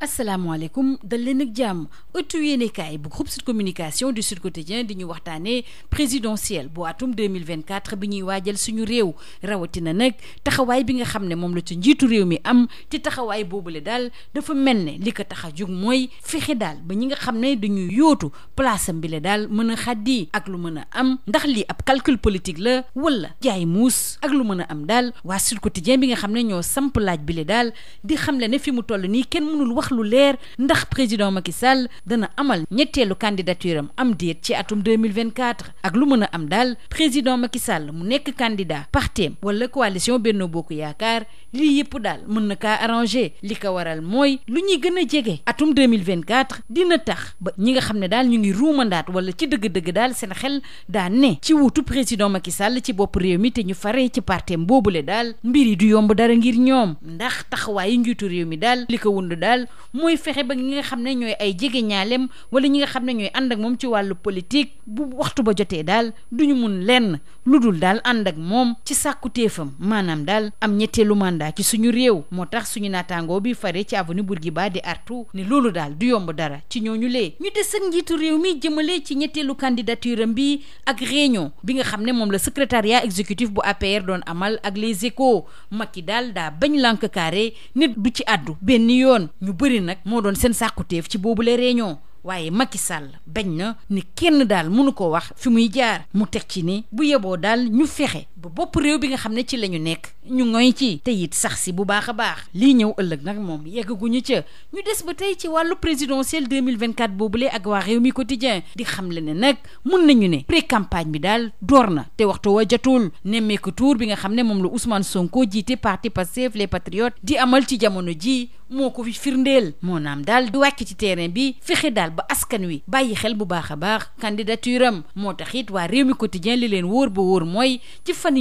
asalaamaaleykum dal leen ak jàmm ëttu yéenekaay bu groupe Sud Communication du Sud Quotidien di ñu waxtaanee présidentielle bu atum 2024 bi ñuy waajal suñu réew rawatina nag taxawaay bi nga xam ne moom la ci njiitu réew mi am ci taxawaay boobu boobule daal dafa mel ne li ko tax a jug mooy fexe daal ba ñi nga xam ne dañuy yootu place am bi la daal mën a xàddi ak lu mën a am ndax li ab calcul politique la wala jaay muus ak lu mën a am daal waa Sud Quotidien bi nga xam ne ñoo samp laaj bi la daal di xam le ne fi mu toll nii kenn mënul wax wax lu leer ndax président Macky Sall dana amal ñetteelu candidature am am déet ci atum deux mille vingt quatre ak lu mën a am daal président Macky Sall mu nekk candidat parteem wala coalition Benno bokku Yaakaar lii yëpp daal mën na kaa arrangé li ko waral mooy lu ñuy gën a jege atum 2024 dina tax ba ñi nga xam ne daal ñu ngi ruumandaat wala ci dëgg-dëgg daal seen xel daan ne ci wuutu président Macky Sall ci bopp réew mi te ñu faree ci parteem boobule daal mbir yi du yomb dara ngir ñoom ndax taxawaayu njiitu réew mi daal li ko wund daal mooy fexe ba ñi nga xam ne ñooy ay jege ñaaleem wala ñi nga xam ne ñooy ànd ak moom ci wàllu politique bu waxtu ba jotee daal du ñu mun lenn lu dul daal ànd ak moom ci sàkku téefam maanaam daal am ñetteelu mandat ci suñu réew moo tax suñu naataangoo bi fare ci avenue Bourguiba di artu ne loolu daal du yomb dara ci ñooñu lee ñu des ak njiitu réew mi jëmale ci ñetteelu candidature am bi ak réunion bi nga xam ne moom la secrétariat exécutif bu APR doon amal ak les échos Macky daal daa bañ lànk carré nit du ci àddu benn yoon ñu bëri nag moo doon seen sàkkuteef ci boobu boobule réunion waaye Macky Sall bañ na ni kenn daal mënu ko wax fi muy jaar mu teg ci ni bu yeboo daal ñu fexe ba bopp réew bi nga xam ne ci la ñu nekk ñu ngoy ci te it sax si bu baax a baax lii ñëw ëllëg nag moom yeggaguñu ca ñu des ba tey ci wàllu présidentielle 2024 boobule ak waa réew mi quotidien di xam le ne nag mun nañu ne pré campagne bi daal door na te waxtu wa jatul nemmeeku tour bi nga xam ne moom la Ousmane Sonko jiite parti Pastef les patriotes di amal ci jamono ji moo ko fi firndeel moo naam daal di wàcc ci terrain bi fexe daal ba askan wi bàyyi xel bu baax a baax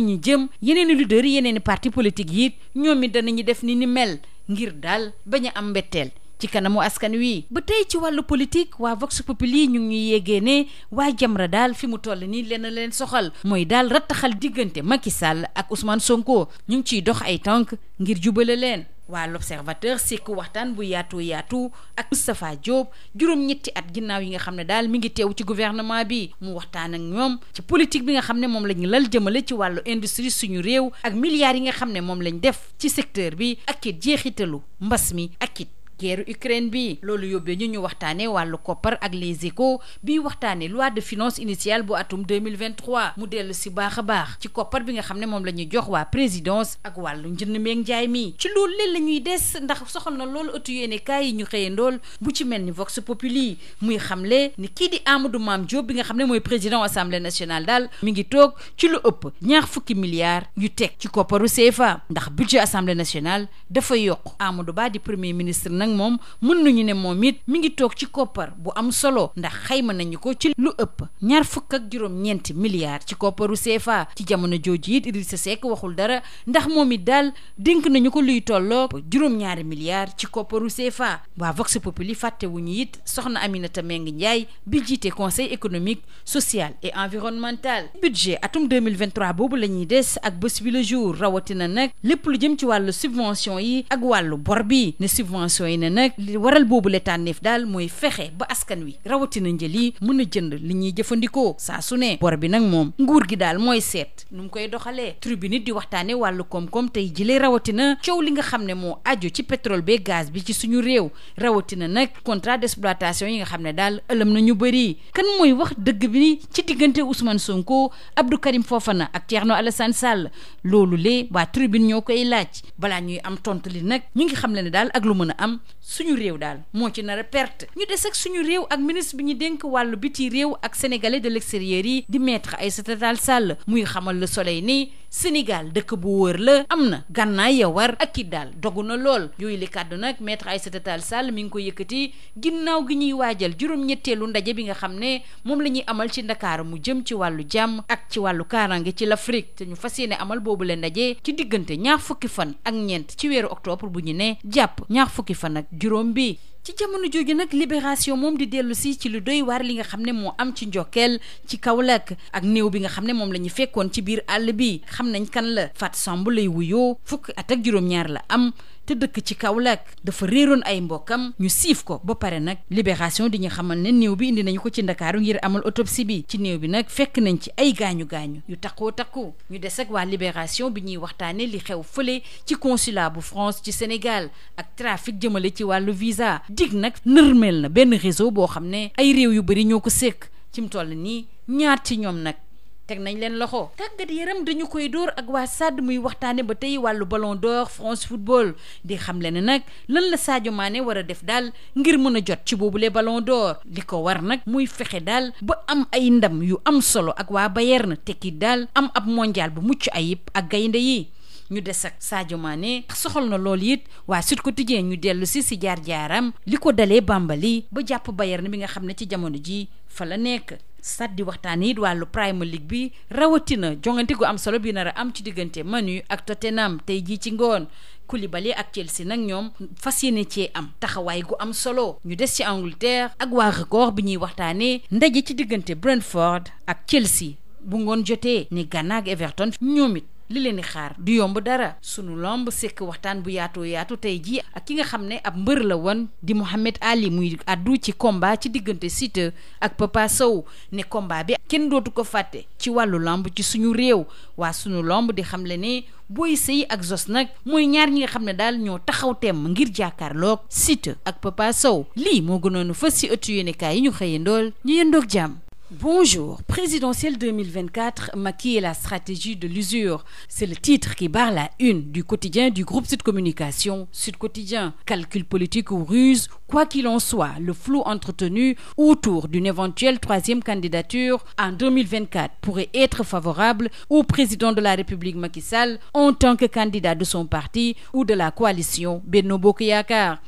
nit ñi jëm yeneen i leaders yi yeneen i parti politique yi ñoomi it danañu def ni ni mel ngir daal bañ a am mbetteel ci kanamu askan wi. ba tey ci wàllu politique waa Vox Populi ñu ngi ñuy yéegee ne waa Jamra daal fi mu toll nii lenn leen soxal mooy daal rattaxal diggante Macky sàll ak Ousmane Sonko ñu ngi ciy dox ay tànk ngir jubale leen. waa l'observateur sekk waxtaan bu yaatu yaatu ak Moustapha Diop juróom-ñetti at ginnaaw yi nga xam ne daal mi ngi teew ci gouvernement bi mu waxtaan ak ñoom ci politique bi nga xam ne moom la ñu lal jëmale ci wàllu industrie suñu réew ak milliards yi nga xam ne moom lañ def ci secteur bi ak it jeexitalu mbas mi ak it guerre Ukraine bi loolu yóbbee ñu ñu waxtaane wàllu koppar ak les échos bi waxtaane loi de finance initiale bu atum 2023 mu dellu si baax baax ci koppar bi nga xam ne moom la ñuy jox waa présidence ak wàllu njënd meeg njaay mi ci loolu leen la ñuy des ndax soxal na loolu ëttu yéene kaay yi ñu ndool bu ci mel ni Vox Populi muy xamle ni kii di Amadou maam Diop bi nga xam ne mooy président assemblée nationale daal mi ngi toog ci lu ëpp ñaax fukki milliards yu teg ci kopparu CFA ndax budget assemblée nationale dafa yokk Amadou Ba di premier ministre na nag moom mën nañu ne moom it mi ngi toog ci koppar bu am solo ndax xayma nañu ko ci lu ëpp ñaar fukk ak juróom-ñeenti milliards ci kopparu CFA ci jamono jooju it Idrissa Seck waxul dara ndax moom it daal dénk nañu ko luy tolloo juróom-ñaari milliards ci kopparu CFA waa Vox Populi ñu it soxna Aminata ngi Ndiaye bi jiite conseil économique social et environnemental budget atum 2023 boobu lañuy ñuy des ak bés bi le jour rawatina nag lépp lu jëm ci wàllu subvention yi ak wàllu may ne nag li waral boobu la tànneef daal mooy fexe ba askan wi rawatina njël yi mën a jënd li ñuy jëfandikoo saa su ne bor bi nag moom nguur gi daal mooy seet nu mu koy doxalee tribune di waxtaane wàllu koom-koom tey jile rawatina coow li nga xam ne moo aju ci pétrole bee gaz bi ci suñu réew rawatina nag contrat d'exploitation yi nga xam ne daal ëlëm na ñu bëri kan mooy wax dëgg bi ci diggante Ousmane Sonko Abdou Karim na ak Thierno Alassane Sall loolu lee waa tribune ñoo koy laaj balaa ñuy am tont li nag ñu ngi xam ne lu mën a am suñu réew daal moo ci nar a perte ñu des ak suñu réew ak ministre bi ñu dénk wàllu biti réew ak sénégalais de l'extérieur yi di maître Aïssata Tall Sall muy xamal le soleil nii Sénégal dëkk bu wóor la am na gànnaay ya war ak kii daal dogu na lool yooyu li kàddu nag maître Aïssata Tall Sall mi ngi ko yëkkati ginnaaw gi ñuy waajal juróom-ñetteelu ndaje bi nga xam ne moom la ñuy amal ci Ndakaaru mu jëm ci wàllu jàmm ak ci wàllu kaarange ci l'Afrique te ñu fas yéene amal boobu la ndaje ci diggante ñaar fukki fan ak ñeent ci weeru octobre bu ñu ne jàpp ñaar fukki fan nag juróom bi ci jamono jooju nag libération moom di dellu si ci lu doy waar li nga xam ne moo am ci njokkeel ci Kaolack ak néew bi nga xam ne moom la ñu fekkoon ci biir àll bi xam nañ kan la Fat Samb lay wuyoo fukk at ak juróom-ñaar la am te dëkk ci Kaolack dafa réeroon ay mbokkam ñu siif ko ba pare nag libération di ñu xamal ne néew bi indi nañu ko ci ndakaaru ngir amal autopsie bi ci néew bi nag fekk nañ ci ay gaañu gaañu yu takkoo takku ñu des ak waa libération bi ñuy waxtaanee li xew fële ci consulat bu France ci Sénégal ak trafic jëmale ci wàllu visa dig nag nërmeel na benn réseau boo xam ne ay réew yu bëri ñoo ko sékk ci mu toll nii ñaar ci ñoom nag teg nañ leen loxo tàggat yaram dañu koy dóor ak waa Sadd muy waxtaane ba tey wàllu ballon door France football di xam le ne nag lan la Sadio Mané war a def daal ngir mën a jot ci boobule ballon door li ko war nag muy fexe daal ba am ay ndam yu am solo ak waa Bayern tekki daal am ab mondial bu mucc ayib ak gaynde yi ñu des ak Sadio Mané soxal na loolu yit waa Sud Quotidien ñu dellu si si jaar-jaaram li ko dalee bàmbali ba jàpp Bayern bi nga xam ne ci jamono ji fa la nekk sat di waxtaan it wàllu Premier League bi rawatina jongante gu am solo bi nar am ci diggante Manu ak Tottenham tey jii ci ngoon Koulibaly ak Chelsea nag ñoom fas yéene cee am taxawaay gu am solo ñu des ci Angleterre ak waa record bi ñuy waxtaanee ndaje ci diggante Brentford ak Chelsea bu ngoon jotee ni Ghana ak Everton ñoom it li leen di xaar di yomb dara suñu lomb sekk waxtaan bu yaatoo yaatu tey jii ak ki nga xam ne ab mbër la woon di Mouhamed Ali muy addu ci combat ci diggante Siteu ak Papa Sow ne combat bi kenn dootu ko fàtte ci wàllu lomb ci suñu réew waa suñu lomb di xamle ne booy sëy ak Zoss nag mooy ñaar ñi nga xam ne daal ñoo taxaw temm ngir jàkkaarloog Siteu ak Papa saw lii moo gënoon fës ci ëttu yéenekaay yi ñu xëyandool ñu yendoog jàmm Bonjour. Présidentielle 2024, maquiller la stratégie de l'usure. C'est le titre qui barre la une du quotidien du groupe Sud Communication, Sud Quotidien. Calcul politique ou ruse, quoi qu'il en soit, le flou entretenu autour d'une éventuelle troisième candidature en 2024 pourrait être favorable au président de la République Macky Sall en tant que candidat de son parti ou de la coalition Benno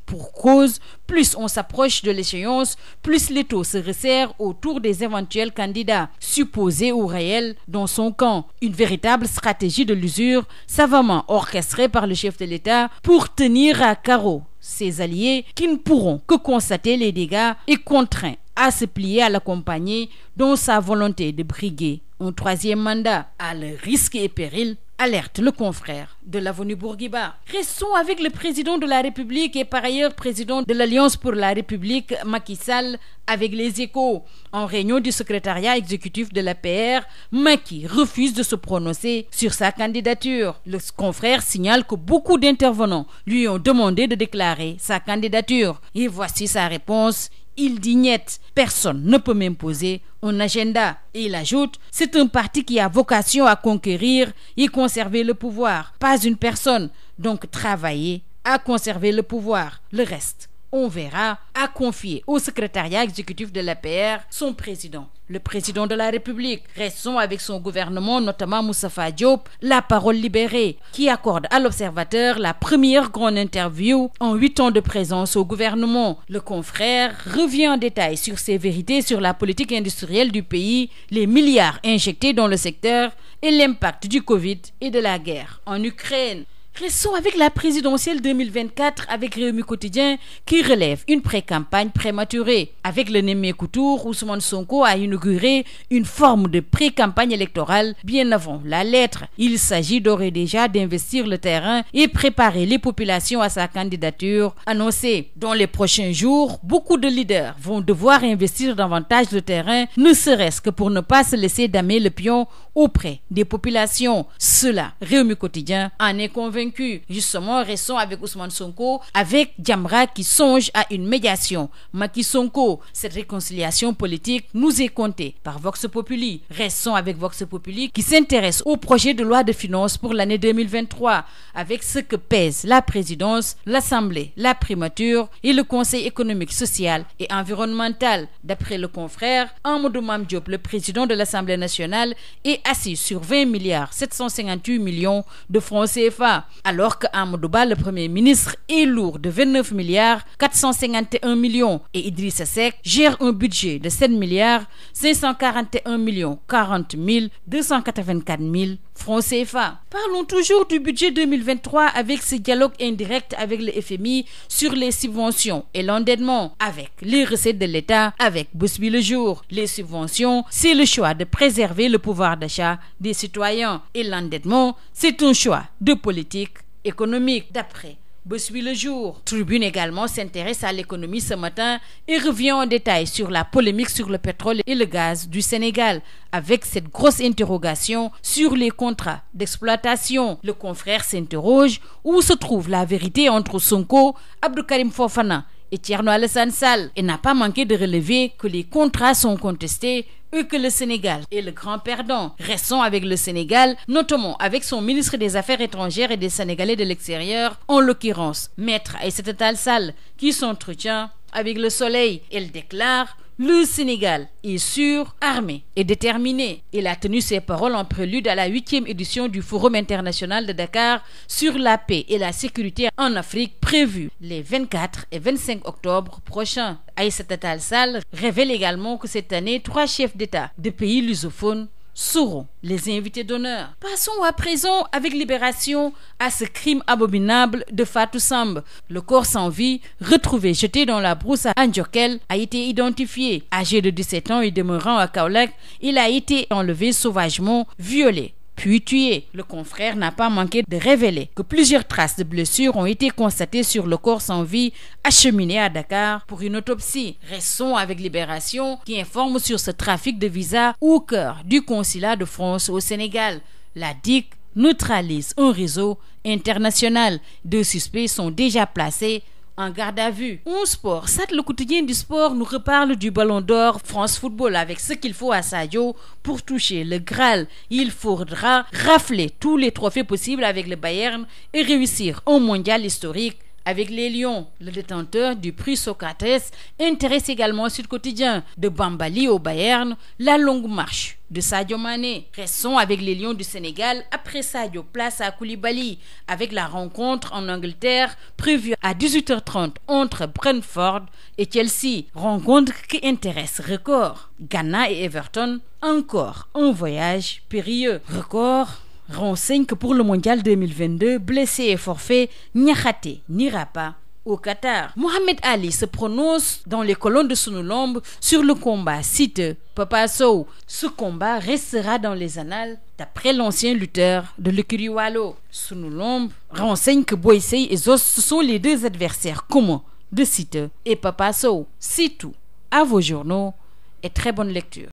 Pour cause, Plus on s'approche de l'échéance, plus les taux se resserrent autour des éventuels candidats, supposés ou réels, dans son camp. Une véritable stratégie de l'usure, savamment orchestrée par le chef de l'État pour tenir à carreau ses alliés qui ne pourront que constater les dégâts et contraints à se plier à l'accompagner dans sa volonté de briguer un troisième mandat à le risque et péril Alerte le confrère de l'avenue Bourguiba. Restons avec le président de la République et par ailleurs président de l'Alliance pour la République, Macky Sall, avec les échos. En réunion du secrétariat exécutif de l'APR, Macky refuse de se prononcer sur sa candidature. Le confrère signale que beaucoup d'intervenants lui ont demandé de déclarer sa candidature. Et voici sa réponse. il dignette. Personne ne peut m'imposer un agenda. Et il ajoute, c'est un parti qui a vocation à conquérir et conserver le pouvoir, pas une personne. Donc travaillez à conserver le pouvoir. Le reste on verra, a confié au secrétariat exécutif de l'APR son président, le président de la République. Restons avec son gouvernement, notamment Moustapha Diop, la parole libérée, qui accorde à l'Observateur la première grande interview en huit ans de présence au gouvernement. Le confrère revient en détail sur ses vérités sur la politique industrielle du pays, les milliards injectés dans le secteur et l'impact du Covid et de la guerre en Ukraine. Restons avec la présidentielle 2024 avec Réumi Quotidien qui relève une pré prématurée. Avec le Nemekou Tour, Ousmane Sonko a inauguré une forme de pré-campagne électorale bien avant la lettre. Il s'agit d'ores et déjà d'investir le terrain et préparer les populations à sa candidature annoncée. Dans les prochains jours, beaucoup de leaders vont devoir investir davantage le terrain, ne serait-ce que pour ne pas se laisser damer le pion auprès des populations. Cela, Réumi convaincus. Justement, restons avec Ousmane Sonko, avec Diamra qui songe à une médiation. Macky Sonko, cette réconciliation politique nous est comptée par Vox Populi. Restons avec Vox Populi qui s'intéresse au projet de loi de finances pour l'année 2023 avec ce que pèse la présidence, l'Assemblée, la primature et le Conseil économique, social et environnemental. D'après le confrère, Amadou Mame Diop, le président de l'Assemblée nationale, est assis sur 20 milliards 758 millions de francs alors que Amadou Ba le premier ministre est lourd de 29 milliards 451 millions et Idrissa Seck gère un budget de 7 milliards 541 millions 40 mille 284 mille francs CFA. Parlons toujours du budget 2023 avec ce dialogue indirect avec le FMI sur les subventions et l'endettement, avec les recettes de l'État, avec Bousby le jour. Les subventions, c'est le choix de préserver le pouvoir d'achat des citoyens et l'endettement, c'est un choix de politique économique. D'après Bessuit le jour. Tribune également s'intéresse à l'économie ce matin et revient en détail sur la polémique sur le pétrole et le gaz du Sénégal, avec cette grosse interrogation sur les contrats d'exploitation. Le confrère s'interroge où se trouve la vérité entre Sonko, Abdou Karim et Thierno Alassane Sall. Il n'a pas manqué de relever que les contrats sont contestés et que le Sénégal est le grand perdant. Restons avec le Sénégal, notamment avec son ministre des Affaires étrangères et des Sénégalais de l'extérieur, en l'occurrence Maître Aïssata Tall Sall, qui s'entretient avec le Soleil. Elle déclare Le Sénégal est sûr, armé et déterminé. Il a tenu ses paroles en prélude à la huitième édition du Forum international de Dakar sur la paix et la sécurité en Afrique prévue les 24 et 25 octobre prochains. Aïssata Tall Sall révèle également que cette année, trois chefs d'État de pays lusophones seront les invités d'honneur. Passons à présent avec libération à ce crime abominable de Fatou Samb. Le corps sans vie, retrouvé jeté dans la brousse à Ndiokel, a été identifié. Âgé de 17 ans et demeurant à Kaolack, il a été enlevé sauvagement, violé, puis tué. Le confrère n'a pas manqué de révéler que plusieurs traces de blessures ont été constatées sur le corps sans vie acheminé à Dakar pour une autopsie. Restons avec Libération qui informe sur ce trafic de visas au cœur du consulat de France au Sénégal. La DIC neutralise un réseau international. Deux suspects sont déjà placés en garde à vue. En sport, Sat le quotidien du sport nous reparle du ballon d'or France Football avec ce qu'il faut à Sadio pour toucher le Graal. Il faudra rafler tous les trophées possibles avec le Bayern et réussir un mondial historique Avec les Lions, le détenteur du prix Socrates intéresse également Sud Quotidien. De Bambali au Bayern, la longue marche de Sadio Mané. Restons avec les Lions du Sénégal après Sadio place à Koulibaly avec la rencontre en Angleterre prévue à 18h30 entre Brentford et Chelsea. Rencontre qui intéresse record. Ghana et Everton encore en voyage périlleux. Record renseigne que pour le mondial 2022, blessé et forfait, Niakhaté n'ira pas au Qatar. Mohamed Ali se prononce dans les colonnes de Sunulombe sur le combat, cite Papa Sow. Ce combat restera dans les annales d'après l'ancien lutteur de l'Ukiriwalo. Sunulombe renseigne que Boisei et Zos sont les deux adversaires communs de Site et Papa Sow. C'est tout. À vos journaux et très bonne lecture.